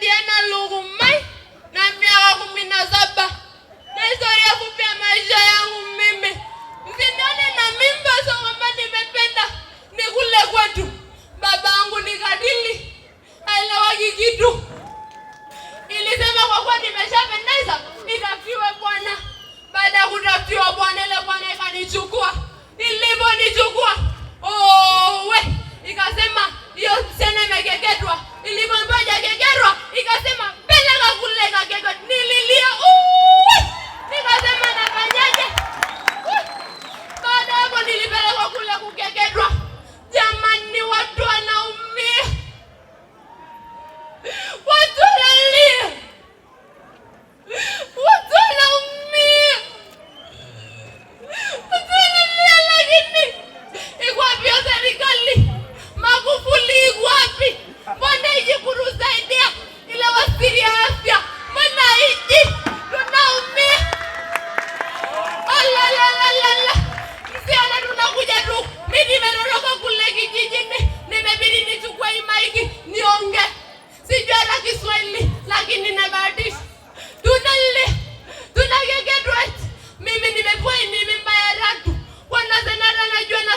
Diana Lugumai na miaka kumi na saba na historia fupi ya maisha yangu mimi. Msinione na mimba so kwamba nimependa ni kule kwetu. Baba yangu ni kadili, haelewaki kitu. Ilisema kwa kuwa nimeshapendeza nitafiwe bwana. Baada ya kutafiwa bwana ile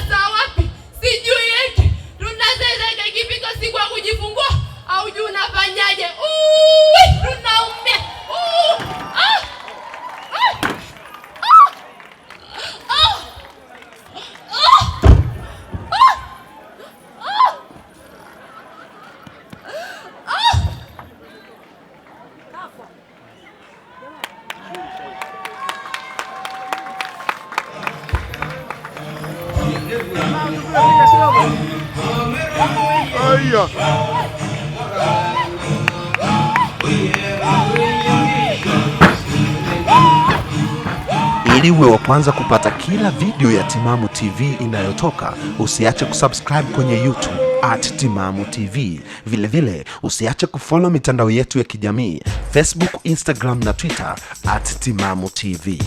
tunazaa wapi, sijui eti tunazaa katika kipiko si kwa Ili uwe wa kwanza kupata kila video ya Timamu TV inayotoka, usiache kusubscribe kwenye YouTube at Timamu TV. Vilevile usiache kufollow mitandao yetu ya kijamii Facebook, Instagram na Twitter at Timamu TV.